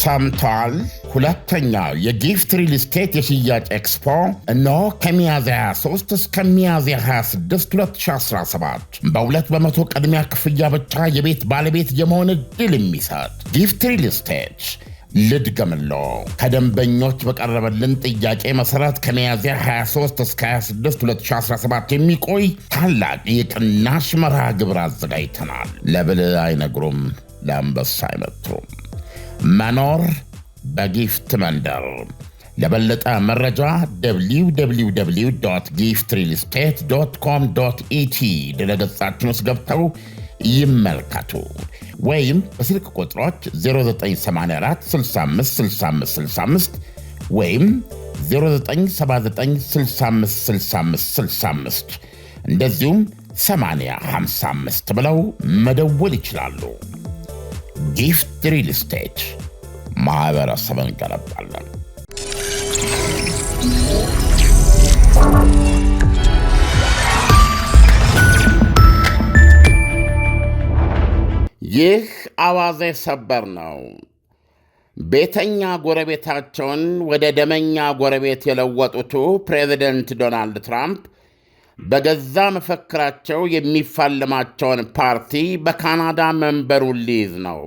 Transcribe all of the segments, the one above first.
ሰምቷል ሁለተኛው የጊፍት ሪል ስቴት የሽያጭ ኤክስፖ እነሆ ከሚያዝያ 23 እስከ ሚያዝያ 26 2017 በሁለት በመቶ ቅድሚያ ክፍያ ብቻ የቤት ባለቤት የመሆን እድል የሚሰጥ ጊፍት ሪል ስቴት ልድገምሎ ከደንበኞች በቀረበልን ጥያቄ መሰረት ከሚያዝያ 23 እስከ 26 2017 የሚቆይ ታላቅ የቅናሽ መርሃ ግብር አዘጋጅተናል። ለብል አይነግሩም፣ ለአንበሳ አይመቱም። መኖር በጊፍት መንደር። ለበለጠ መረጃ www ጊፍት ሪል ስቴት ኮም ኢቲ ድረገጻችን ውስጥ ገብተው ይመልከቱ ወይም በስልክ ቁጥሮች 0984656565 ወይም 0979656565 እንደዚሁም 855 ብለው መደወል ይችላሉ። ጊፍት ሪል ስቴት ማህበረሰብን እንገነባለን። ይህ አዋዜ ሰበር ነው። ቤተኛ ጎረቤታቸውን ወደ ደመኛ ጎረቤት የለወጡት ፕሬዚደንት ዶናልድ ትራምፕ በገዛ መፈክራቸው የሚፋለማቸውን ፓርቲ በካናዳ መንበሩን ሊይዝ ነው።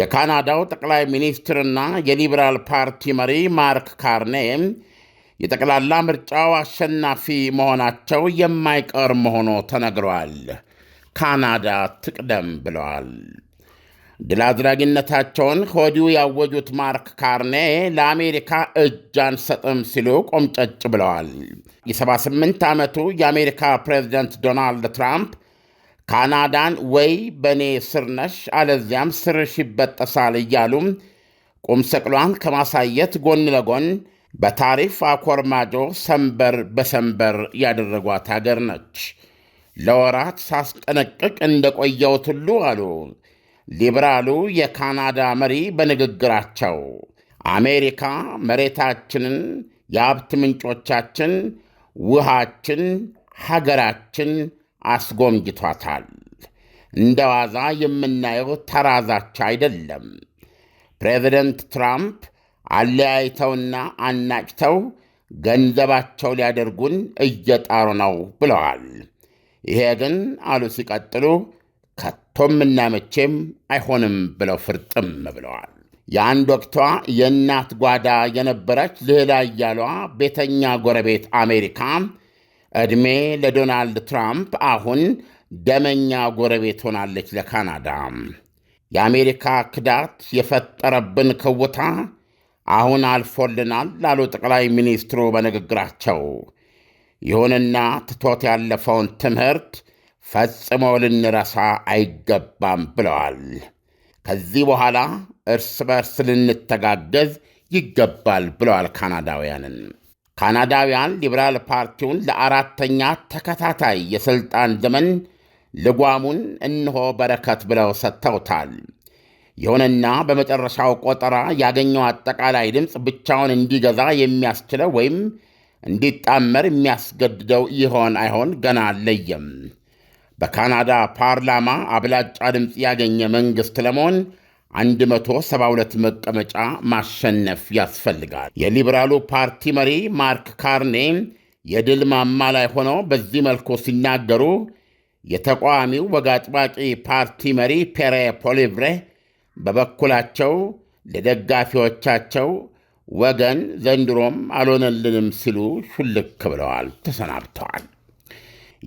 የካናዳው ጠቅላይ ሚኒስትርና የሊበራል ፓርቲ መሪ ማርክ ካርኔ የጠቅላላ ምርጫው አሸናፊ መሆናቸው የማይቀር መሆኑ ተነግሯል። ካናዳ ትቅደም ብለዋል። ድል አድራጊነታቸውን ከወዲሁ ያወጁት ማርክ ካርኔ ለአሜሪካ እጅ አንሰጥም ሲሉ ቆምጨጭ ብለዋል። የ78 ዓመቱ የአሜሪካ ፕሬዚደንት ዶናልድ ትራምፕ ካናዳን ወይ በእኔ ስርነሽ አለዚያም ስርሽ ይበጠሳል እያሉ ቁም ስቅሏን ከማሳየት ጎን ለጎን በታሪፍ አኮርማጆ ሰንበር በሰንበር ያደረጓት አገር ነች። ለወራት ሳስጠነቅቅ እንደቆየሁት ሁሉ አሉ ሊበራሉ የካናዳ መሪ በንግግራቸው አሜሪካ መሬታችንን፣ የሀብት ምንጮቻችን፣ ውሃችን፣ ሀገራችን አስጎምጅቷታል። እንደ ዋዛ የምናየው ተራዛቸ አይደለም። ፕሬዚደንት ትራምፕ አለያይተውና አናጭተው ገንዘባቸው ሊያደርጉን እየጣሩ ነው ብለዋል። ይሄ ግን አሉ ሲቀጥሉ ቶምና መቼም አይሆንም ብለው ፍርጥም ብለዋል። የአንድ ወቅቷ የእናት ጓዳ የነበረች ሌላ እያሏ ቤተኛ ጎረቤት አሜሪካ ዕድሜ ለዶናልድ ትራምፕ አሁን ደመኛ ጎረቤት ሆናለች ለካናዳ። የአሜሪካ ክዳት የፈጠረብን ከውታ አሁን አልፎልናል ላሉ ጠቅላይ ሚኒስትሩ በንግግራቸው ይሁንና ትቶት ያለፈውን ትምህርት ፈጽመው ልንረሳ አይገባም ብለዋል። ከዚህ በኋላ እርስ በርስ ልንተጋገዝ ይገባል ብለዋል ካናዳውያንን። ካናዳውያን ሊበራል ፓርቲውን ለአራተኛ ተከታታይ የሥልጣን ዘመን ልጓሙን እንሆ በረከት ብለው ሰጥተውታል። ይሁንና በመጨረሻው ቆጠራ ያገኘው አጠቃላይ ድምፅ ብቻውን እንዲገዛ የሚያስችለው ወይም እንዲጣመር የሚያስገድደው ይሆን አይሆን ገና አለየም። በካናዳ ፓርላማ አብላጫ ድምፅ ያገኘ መንግሥት ለመሆን 172 መቀመጫ ማሸነፍ ያስፈልጋል። የሊበራሉ ፓርቲ መሪ ማርክ ካርኔ የድል ማማ ላይ ሆነው በዚህ መልኩ ሲናገሩ የተቃዋሚው ወግ አጥባቂ ፓርቲ መሪ ፔሬ ፖሊቭሬ በበኩላቸው ለደጋፊዎቻቸው ወገን ዘንድሮም አልሆነልንም ሲሉ ሹልክ ብለዋል፣ ተሰናብተዋል።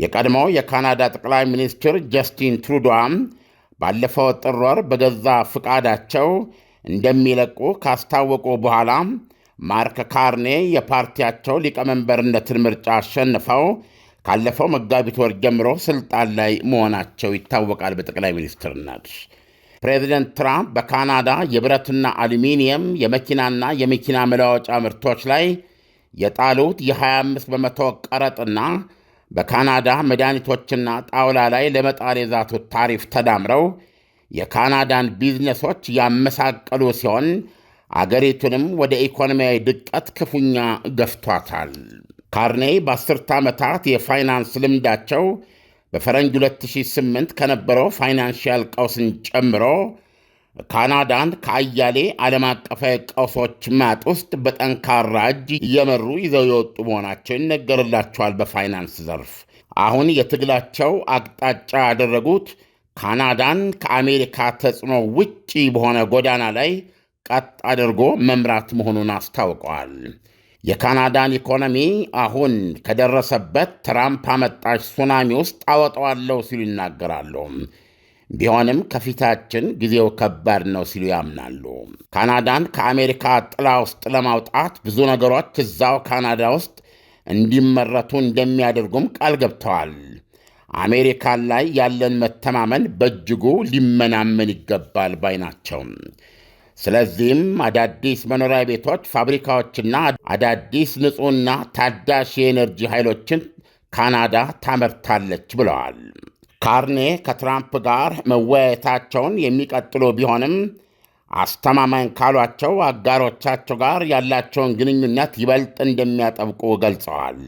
የቀድሞው የካናዳ ጠቅላይ ሚኒስትር ጀስቲን ትሩዶም ባለፈው ጥር ወር በገዛ ፍቃዳቸው እንደሚለቁ ካስታወቁ በኋላ ማርክ ካርኔ የፓርቲያቸው ሊቀመንበርነትን ምርጫ አሸንፈው ካለፈው መጋቢት ወር ጀምሮ ስልጣን ላይ መሆናቸው ይታወቃል። በጠቅላይ ሚኒስትርነት ፕሬዚደንት ትራምፕ በካናዳ የብረትና አሉሚኒየም የመኪናና የመኪና መለዋወጫ ምርቶች ላይ የጣሉት የ25 በመቶ ቀረጥና በካናዳ መድኃኒቶችና ጣውላ ላይ ለመጣል የዛቱት ታሪፍ ተዳምረው የካናዳን ቢዝነሶች ያመሳቀሉ ሲሆን አገሪቱንም ወደ ኢኮኖሚያዊ ድቀት ክፉኛ ገፍቷታል። ካርኔ በአስርተ ዓመታት የፋይናንስ ልምዳቸው በፈረንጅ 2008 ከነበረው ፋይናንሽያል ቀውስን ጨምሮ ካናዳን ከአያሌ ዓለም አቀፋዊ ቀውሶች ማጥ ውስጥ በጠንካራ እጅ እየመሩ ይዘው የወጡ መሆናቸው ይነገርላቸዋል። በፋይናንስ ዘርፍ አሁን የትግላቸው አቅጣጫ ያደረጉት ካናዳን ከአሜሪካ ተጽዕኖ ውጪ በሆነ ጎዳና ላይ ቀጥ አድርጎ መምራት መሆኑን አስታውቀዋል። የካናዳን ኢኮኖሚ አሁን ከደረሰበት ትራምፕ አመጣሽ ሱናሚ ውስጥ አወጣዋለሁ ሲሉ ይናገራሉ። ቢሆንም ከፊታችን ጊዜው ከባድ ነው ሲሉ ያምናሉ። ካናዳን ከአሜሪካ ጥላ ውስጥ ለማውጣት ብዙ ነገሮች እዛው ካናዳ ውስጥ እንዲመረቱ እንደሚያደርጉም ቃል ገብተዋል። አሜሪካን ላይ ያለን መተማመን በእጅጉ ሊመናመን ይገባል ባይ ናቸው። ስለዚህም አዳዲስ መኖሪያ ቤቶች፣ ፋብሪካዎችና አዳዲስ ንጹሕና ታዳሽ የኤነርጂ ኃይሎችን ካናዳ ታመርታለች ብለዋል። ካርኔ ከትራምፕ ጋር መወያየታቸውን የሚቀጥሉ ቢሆንም አስተማማኝ ካሏቸው አጋሮቻቸው ጋር ያላቸውን ግንኙነት ይበልጥ እንደሚያጠብቁ ገልጸዋል።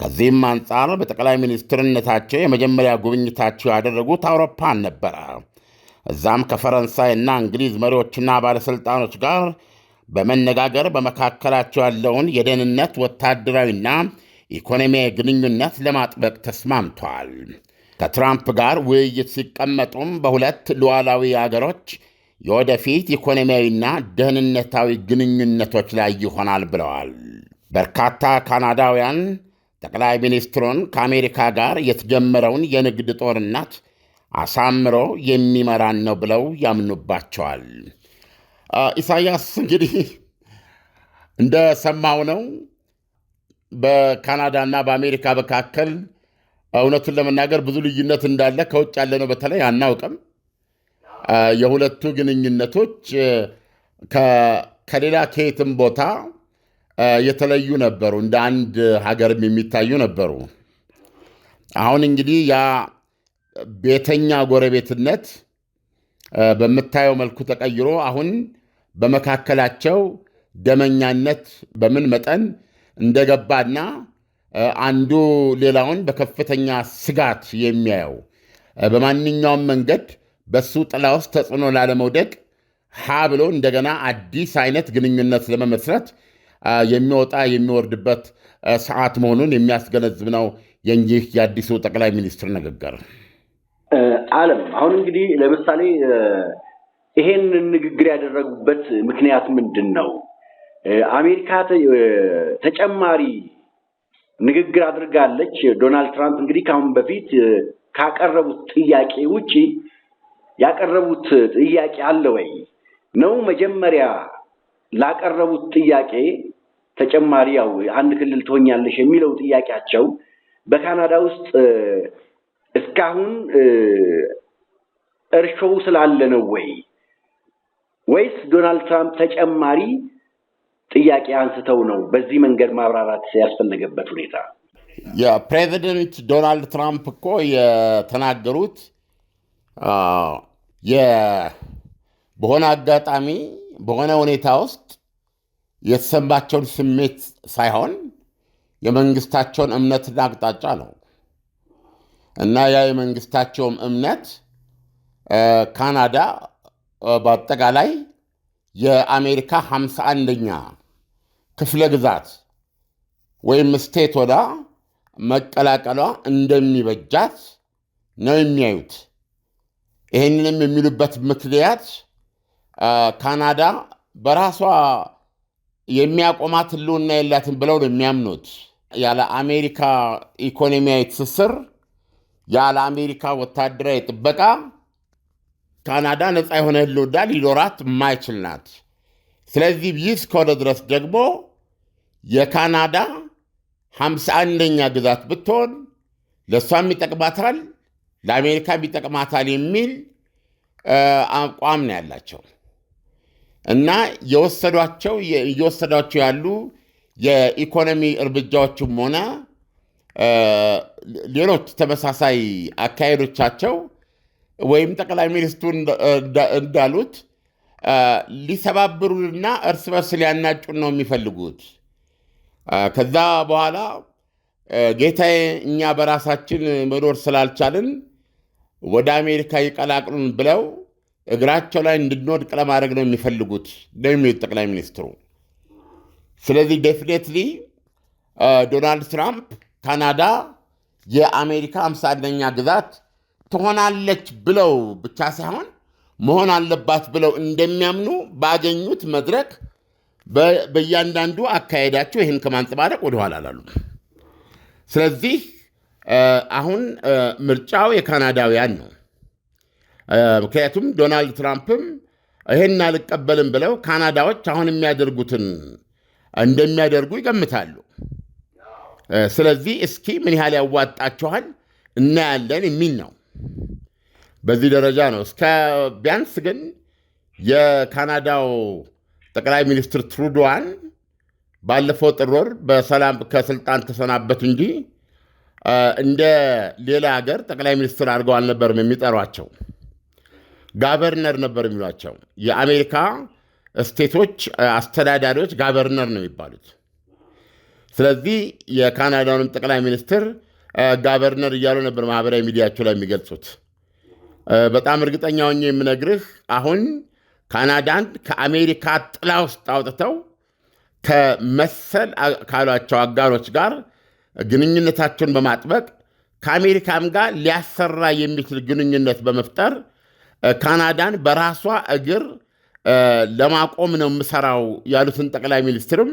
ከዚህም አንጻር በጠቅላይ ሚኒስትርነታቸው የመጀመሪያ ጉብኝታቸው ያደረጉት አውሮፓን ነበረ። እዛም ከፈረንሳይና እንግሊዝ መሪዎችና ባለሥልጣኖች ጋር በመነጋገር በመካከላቸው ያለውን የደህንነት ወታደራዊና ኢኮኖሚያዊ ግንኙነት ለማጥበቅ ተስማምተዋል። ከትራምፕ ጋር ውይይት ሲቀመጡም በሁለት ሉዓላዊ አገሮች የወደፊት ኢኮኖሚያዊና ደህንነታዊ ግንኙነቶች ላይ ይሆናል ብለዋል። በርካታ ካናዳውያን ጠቅላይ ሚኒስትሩን ከአሜሪካ ጋር የተጀመረውን የንግድ ጦርነት አሳምሮ የሚመራን ነው ብለው ያምኑባቸዋል። ኢሳያስ እንግዲህ እንደሰማው ነው በካናዳና በአሜሪካ መካከል እውነቱን ለመናገር ብዙ ልዩነት እንዳለ ከውጭ ነው በተለይ አናውቅም። የሁለቱ ግንኙነቶች ከሌላ ከየትም ቦታ የተለዩ ነበሩ፣ እንደ አንድ ሀገርም የሚታዩ ነበሩ። አሁን እንግዲህ ያ ቤተኛ ጎረቤትነት በምታየው መልኩ ተቀይሮ አሁን በመካከላቸው ደመኛነት በምን መጠን እንደገባና አንዱ ሌላውን በከፍተኛ ስጋት የሚያየው በማንኛውም መንገድ በሱ ጥላ ውስጥ ተጽዕኖ ላለመውደቅ ሀ ብሎ እንደገና አዲስ አይነት ግንኙነት ለመመስረት የሚወጣ የሚወርድበት ሰዓት መሆኑን የሚያስገነዝብ ነው የእንጂህ የአዲሱ ጠቅላይ ሚኒስትር ንግግር። አለም አሁን እንግዲህ ለምሳሌ ይሄን ንግግር ያደረጉበት ምክንያት ምንድን ነው? አሜሪካ ተጨማሪ ንግግር አድርጋለች። ዶናልድ ትራምፕ እንግዲህ ከአሁን በፊት ካቀረቡት ጥያቄ ውጪ ያቀረቡት ጥያቄ አለ ወይ ነው መጀመሪያ ላቀረቡት ጥያቄ ተጨማሪ ያው አንድ ክልል ትሆኛለሽ የሚለው ጥያቄያቸው በካናዳ ውስጥ እስካሁን እርሾው ስላለ ነው ወይ ወይስ ዶናልድ ትራምፕ ተጨማሪ ጥያቄ አንስተው ነው በዚህ መንገድ ማብራራት ያስፈለገበት ሁኔታ። የፕሬዚደንት ዶናልድ ትራምፕ እኮ የተናገሩት በሆነ አጋጣሚ በሆነ ሁኔታ ውስጥ የተሰማቸውን ስሜት ሳይሆን የመንግስታቸውን እምነትና አቅጣጫ ነው እና ያ የመንግስታቸውም እምነት ካናዳ በአጠቃላይ የአሜሪካ 51ኛ ክፍለ ግዛት ወይም ስቴት ወዳ መቀላቀሏ እንደሚበጃት ነው የሚያዩት። ይህንንም የሚሉበት ምክንያት ካናዳ በራሷ የሚያቆማት ሕልውና የላትም ብለው ነው የሚያምኑት። ያለ አሜሪካ ኢኮኖሚያዊ ትስስር፣ ያለ አሜሪካ ወታደራዊ ጥበቃ ካናዳ ነፃ የሆነ ህልውና ሊኖራት የማይችል ናት። ስለዚህ ይህ እስከሆነ ድረስ ደግሞ የካናዳ ሃምሳ አንደኛ ግዛት ብትሆን ለእሷም ይጠቅማታል፣ ለአሜሪካም ይጠቅማታል የሚል አቋም ነው ያላቸው እና የወሰዷቸው እየወሰዷቸው ያሉ የኢኮኖሚ እርምጃዎችም ሆነ ሌሎች ተመሳሳይ አካሄዶቻቸው ወይም ጠቅላይ ሚኒስትሩ እንዳሉት ሊሰባብሩንና እርስ በርስ ሊያናጩን ነው የሚፈልጉት። ከዛ በኋላ ጌታዬ እኛ በራሳችን መኖር ስላልቻልን ወደ አሜሪካ ይቀላቅሉን ብለው እግራቸው ላይ እንድንወድቅ ለማድረግ ነው የሚፈልጉት ነው የሚሉት ጠቅላይ ሚኒስትሩ። ስለዚህ ዴፊኔትሊ ዶናልድ ትራምፕ ካናዳ የአሜሪካ አምሳ አንደኛ ግዛት ትሆናለች ብለው ብቻ ሳይሆን መሆን አለባት ብለው እንደሚያምኑ ባገኙት መድረክ በእያንዳንዱ አካሄዳቸው ይህን ከማንጸባረቅ ወደኋላ አላሉ። ስለዚህ አሁን ምርጫው የካናዳውያን ነው። ምክንያቱም ዶናልድ ትራምፕም ይህን አልቀበልም ብለው ካናዳዎች አሁን የሚያደርጉትን እንደሚያደርጉ ይገምታሉ። ስለዚህ እስኪ ምን ያህል ያዋጣችኋል እናያለን የሚል ነው። በዚህ ደረጃ ነው። እስከ ቢያንስ ግን የካናዳው ጠቅላይ ሚኒስትር ትሩዶዋን ባለፈው ጥር ወር በሰላም ከስልጣን ተሰናበቱ እንጂ እንደ ሌላ ሀገር ጠቅላይ ሚኒስትር አድርገው አልነበርም የሚጠሯቸው። ጋቨርነር ነበር የሚሏቸው። የአሜሪካ ስቴቶች አስተዳዳሪዎች ጋቨርነር ነው የሚባሉት። ስለዚህ የካናዳውንም ጠቅላይ ሚኒስትር ጋቨርነር እያሉ ነበር ማህበራዊ ሚዲያቸው ላይ የሚገልጹት። በጣም እርግጠኛ ሆኜ የምነግርህ አሁን ካናዳን ከአሜሪካ ጥላ ውስጥ አውጥተው ከመሰል ካሏቸው አጋሮች ጋር ግንኙነታቸውን በማጥበቅ ከአሜሪካም ጋር ሊያሰራ የሚችል ግንኙነት በመፍጠር ካናዳን በራሷ እግር ለማቆም ነው የምሰራው ያሉትን ጠቅላይ ሚኒስትርም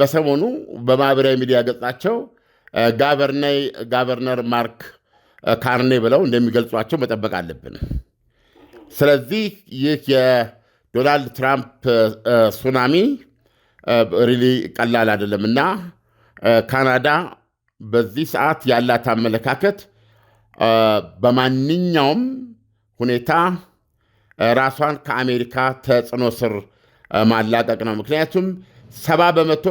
በሰሞኑ በማህበራዊ ሚዲያ ገጻቸው ጋቨርነር ማርክ ካርኔ ብለው እንደሚገልጿቸው መጠበቅ አለብን። ስለዚህ ይህ የዶናልድ ትራምፕ ሱናሚ ሪሊ ቀላል አይደለም እና ካናዳ በዚህ ሰዓት ያላት አመለካከት በማንኛውም ሁኔታ ራሷን ከአሜሪካ ተጽዕኖ ስር ማላቀቅ ነው። ምክንያቱም ሰባ በመቶ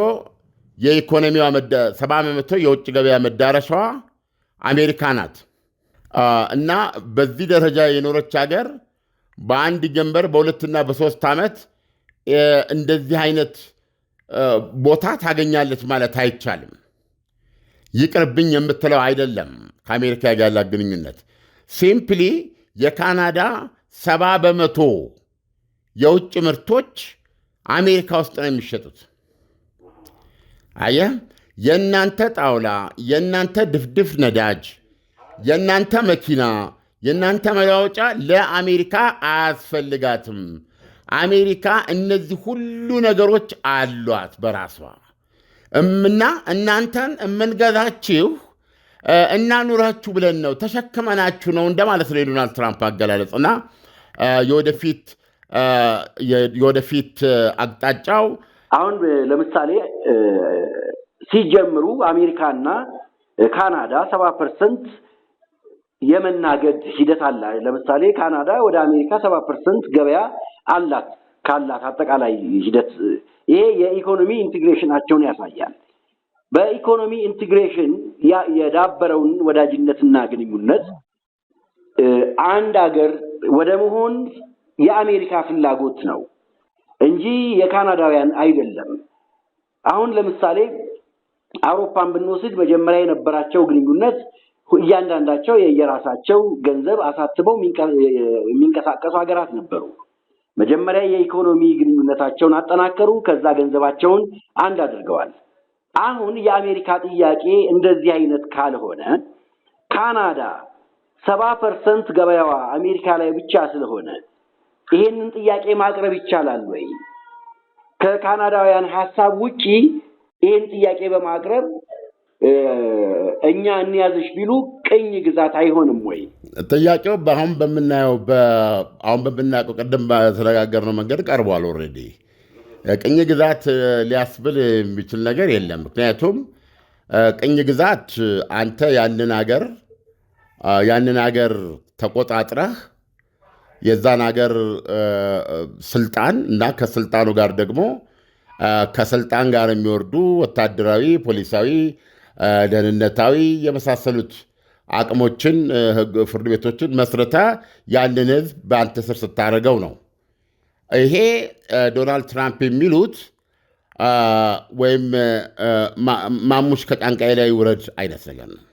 የኢኮኖሚዋ ሰባ በመቶ የውጭ ገበያ መዳረሻዋ አሜሪካ ናት። እና በዚህ ደረጃ የኖረች ሀገር በአንድ ጀንበር በሁለትና በሶስት ዓመት እንደዚህ አይነት ቦታ ታገኛለች ማለት አይቻልም። ይቅርብኝ የምትለው አይደለም። ከአሜሪካ ጋር ያላት ግንኙነት ሲምፕሊ የካናዳ ሰባ በመቶ የውጭ ምርቶች አሜሪካ ውስጥ ነው የሚሸጡት። አየህ፣ የእናንተ ጣውላ፣ የእናንተ ድፍድፍ ነዳጅ የእናንተ መኪና የእናንተ መለዋወጫ ለአሜሪካ አያስፈልጋትም። አሜሪካ እነዚህ ሁሉ ነገሮች አሏት በራሷ እና እናንተን የምንገዛችሁ እናኑራችሁ ብለን ነው ተሸክመናችሁ ነው እንደማለት ነው የዶናልድ ትራምፕ አገላለጽ እና የወደፊት አቅጣጫው አሁን ለምሳሌ ሲጀምሩ አሜሪካና ካናዳ ሰባ ፐርሰንት የመናገድ ሂደት አለ። ለምሳሌ ካናዳ ወደ አሜሪካ ሰባ ፐርሰንት ገበያ አላት ካላት አጠቃላይ ሂደት ይሄ የኢኮኖሚ ኢንቴግሬሽናቸውን ያሳያል። በኢኮኖሚ ኢንቴግሬሽን የዳበረውን ወዳጅነትና ግንኙነት አንድ ሀገር ወደ መሆን የአሜሪካ ፍላጎት ነው እንጂ የካናዳውያን አይደለም። አሁን ለምሳሌ አውሮፓን ብንወስድ መጀመሪያ የነበራቸው ግንኙነት እያንዳንዳቸው የየራሳቸው ገንዘብ አሳትበው የሚንቀሳቀሱ ሀገራት ነበሩ። መጀመሪያ የኢኮኖሚ ግንኙነታቸውን አጠናከሩ፣ ከዛ ገንዘባቸውን አንድ አድርገዋል። አሁን የአሜሪካ ጥያቄ እንደዚህ አይነት ካልሆነ ካናዳ ሰባ ፐርሰንት ገበያዋ አሜሪካ ላይ ብቻ ስለሆነ ይሄንን ጥያቄ ማቅረብ ይቻላል ወይ? ከካናዳውያን ሀሳብ ውጪ ይህን ጥያቄ በማቅረብ እኛ እንያዝሽ ቢሉ ቅኝ ግዛት አይሆንም ወይ? ጥያቄው አሁን በምናየው አሁን በምናውቀው ቅድም በተነጋገርነው መንገድ ቀርቧል። ኦልሬዲ ቅኝ ግዛት ሊያስብል የሚችል ነገር የለም። ምክንያቱም ቅኝ ግዛት አንተ ያንን አገር ያንን አገር ተቆጣጥረህ የዛን አገር ስልጣን እና ከስልጣኑ ጋር ደግሞ ከስልጣን ጋር የሚወርዱ ወታደራዊ፣ ፖሊሳዊ ደህንነታዊ የመሳሰሉት አቅሞችን ፍርድ ቤቶችን መስረታ ያንን ህዝብ በአንተ ስር ስታደርገው ነው። ይሄ ዶናልድ ትራምፕ የሚሉት ወይም ማሙሽ ከጫንቃይ ላይ ውረድ አይነት ነገር ነው።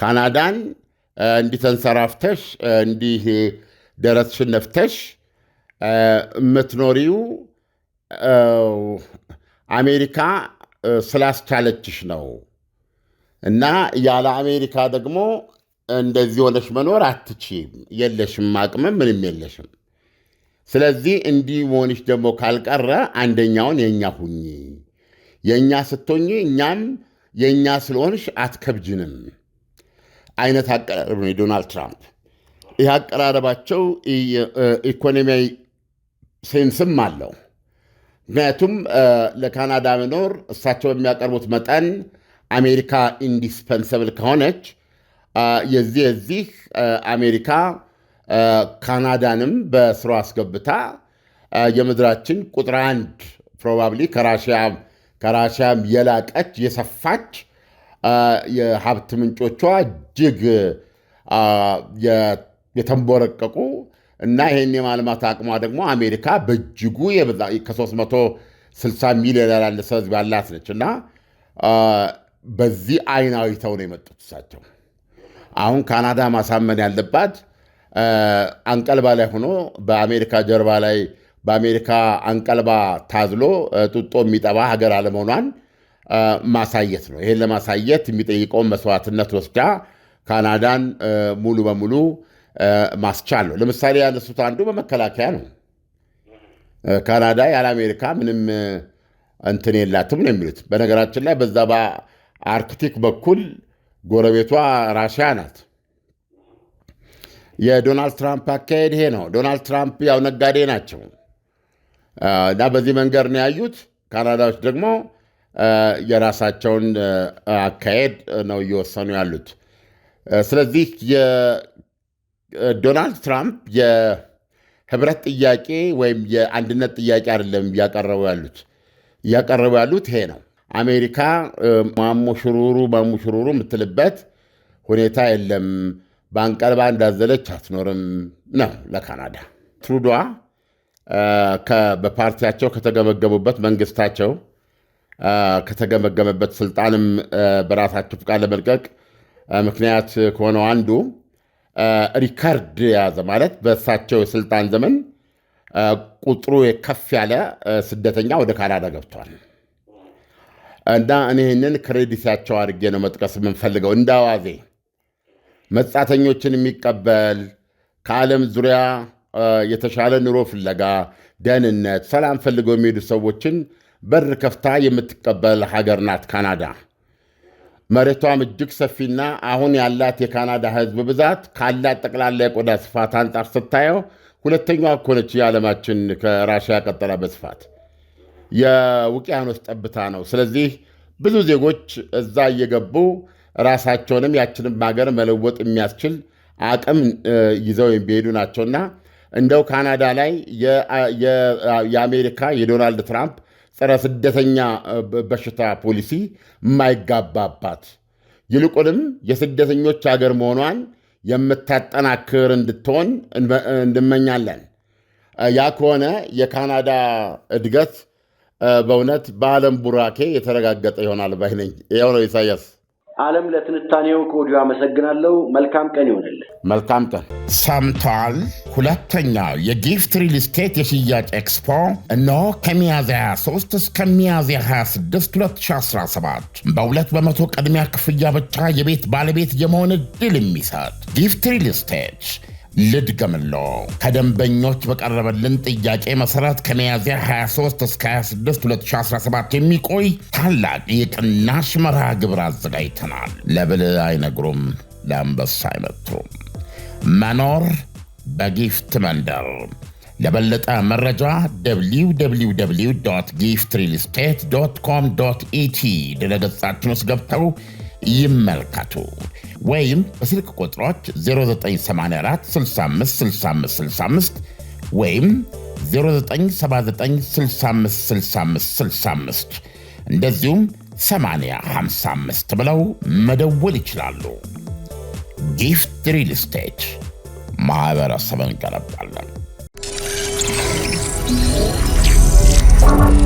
ካናዳን እንዲህ ተንሰራፍተሽ እንዲህ ደረትሽን ነፍተሽ የምትኖሪው አሜሪካ ስላስቻለችሽ ነው እና ያለ አሜሪካ ደግሞ እንደዚህ ሆነሽ መኖር አትችም፣ የለሽም፣ አቅምም ምንም የለሽም። ስለዚህ እንዲህ መሆንሽ ደግሞ ካልቀረ አንደኛውን የእኛ ሁኚ። የእኛ ስትሆኚ እኛም የእኛ ስለሆንሽ አትከብጅንም አይነት አቀራረብ ነው የዶናልድ ትራምፕ። ይህ አቀራረባቸው ኢኮኖሚያዊ ሴንስም አለው። ምክንያቱም ለካናዳ መኖር እሳቸው የሚያቀርቡት መጠን አሜሪካ ኢንዲስፐንሰብል ከሆነች የዚህ የዚህ አሜሪካ ካናዳንም በስሮ አስገብታ የምድራችን ቁጥር አንድ ፕሮባብሊ ከራሽያም የላቀች የሰፋች የሀብት ምንጮቿ እጅግ የተንቦረቀቁ እና ይህን የማልማት አቅሟ ደግሞ አሜሪካ በእጅጉ ከ360 ሚሊዮን ያላነሰ ሕዝብ ያላት ነች እና በዚህ አይናዊ ተው ነው የመጡት እሳቸው። አሁን ካናዳ ማሳመን ያለባት አንቀልባ ላይ ሆኖ በአሜሪካ ጀርባ ላይ በአሜሪካ አንቀልባ ታዝሎ ጡጦ የሚጠባ ሀገር አለመሆኗን ማሳየት ነው። ይህን ለማሳየት የሚጠይቀውን መስዋዕትነት ወስዳ ካናዳን ሙሉ በሙሉ ማስቻል ነው። ለምሳሌ ያነሱት አንዱ በመከላከያ ነው። ካናዳ ያለ አሜሪካ ምንም እንትን የላትም ነው የሚሉት። በነገራችን ላይ በዛ በአርክቲክ በኩል ጎረቤቷ ራሽያ ናት። የዶናልድ ትራምፕ አካሄድ ይሄ ነው። ዶናልድ ትራምፕ ያው ነጋዴ ናቸው እና በዚህ መንገድ ነው ያዩት። ካናዳዎች ደግሞ የራሳቸውን አካሄድ ነው እየወሰኑ ያሉት። ስለዚህ ዶናልድ ትራምፕ የህብረት ጥያቄ ወይም የአንድነት ጥያቄ አይደለም እያቀረቡ ያሉት እያቀረቡ ያሉት ይሄ ነው። አሜሪካ ማሞ ሽሩሩ የምትልበት ሁኔታ የለም። በአንቀልባ እንዳዘለች አትኖርም ነው ለካናዳ ትሩዷ በፓርቲያቸው ከተገመገሙበት መንግስታቸው ከተገመገመበት ስልጣንም በራሳቸው ፍቃድ ለመልቀቅ ምክንያት ከሆነው አንዱ ሪከርድ የያዘ ማለት በእሳቸው የስልጣን ዘመን ቁጥሩ ከፍ ያለ ስደተኛ ወደ ካናዳ ገብቷል። እና እኔ ይህንን ክሬዲታቸው አድርጌ ነው መጥቀስ የምንፈልገው። እንደ አዋዜ መጻተኞችን የሚቀበል ከዓለም ዙሪያ የተሻለ ኑሮ ፍለጋ፣ ደህንነት፣ ሰላም ፈልገው የሚሄዱ ሰዎችን በር ከፍታ የምትቀበል ሀገር ናት ካናዳ። መሬቷም እጅግ ሰፊና አሁን ያላት የካናዳ ህዝብ ብዛት ካላት ጠቅላላ የቆዳ ስፋት አንጻር ስታየው ሁለተኛዋ እኮ ነች የዓለማችን ከራሽያ ቀጥላ በስፋት የውቅያኖስ ጠብታ ነው። ስለዚህ ብዙ ዜጎች እዛ እየገቡ ራሳቸውንም ያችንም ሀገር መለወጥ የሚያስችል አቅም ይዘው የሚሄዱ ናቸውና እንደው ካናዳ ላይ የአሜሪካ የዶናልድ ትራምፕ ጸረ ስደተኛ በሽታ ፖሊሲ የማይጋባባት ይልቁንም የስደተኞች አገር መሆኗን የምታጠናክር እንድትሆን እንመኛለን። ያ ከሆነ የካናዳ እድገት በእውነት በዓለም ቡራኬ የተረጋገጠ ይሆናል ባይ ነኝ። ኢሳያስ ዓለም ለትንታኔው ከወዲሁ አመሰግናለሁ። መልካም ቀን ይሆንልን። መልካም ቀን ሰምተዋል። ሁለተኛው የጊፍት ሪል ስቴት የሽያጭ ኤክስፖ እነሆ ከሚያዝያ 23 እስከ ሚያዝያ 26 2017 በሁለት በመቶ ቅድሚያ ክፍያ ብቻ የቤት ባለቤት የመሆን እድል የሚሰጥ ጊፍት ሪል ስቴት ልድገምሎ ከደንበኞች በቀረበልን ጥያቄ መሰረት ከሚያዝያ 23 እስከ 26 2017 የሚቆይ ታላቅ የቅናሽ መርሃ ግብር አዘጋጅተናል። ለብል አይነግሩም፣ ለአንበሳ አይመቱም። መኖር በጊፍት መንደር። ለበለጠ መረጃ www ጊፍት ሪል ስቴት ዶት ኮም ዶት ኢቲ ድረገጻችን ውስጥ ገብተው ይመልከቱ ወይም በስልክ ቁጥሮች 0984656565 ወይም 0979656565 እንደዚሁም 855 ብለው መደወል ይችላሉ። ጊፍት ሪል ስቴት ማህበረሰብን እንገነባለን።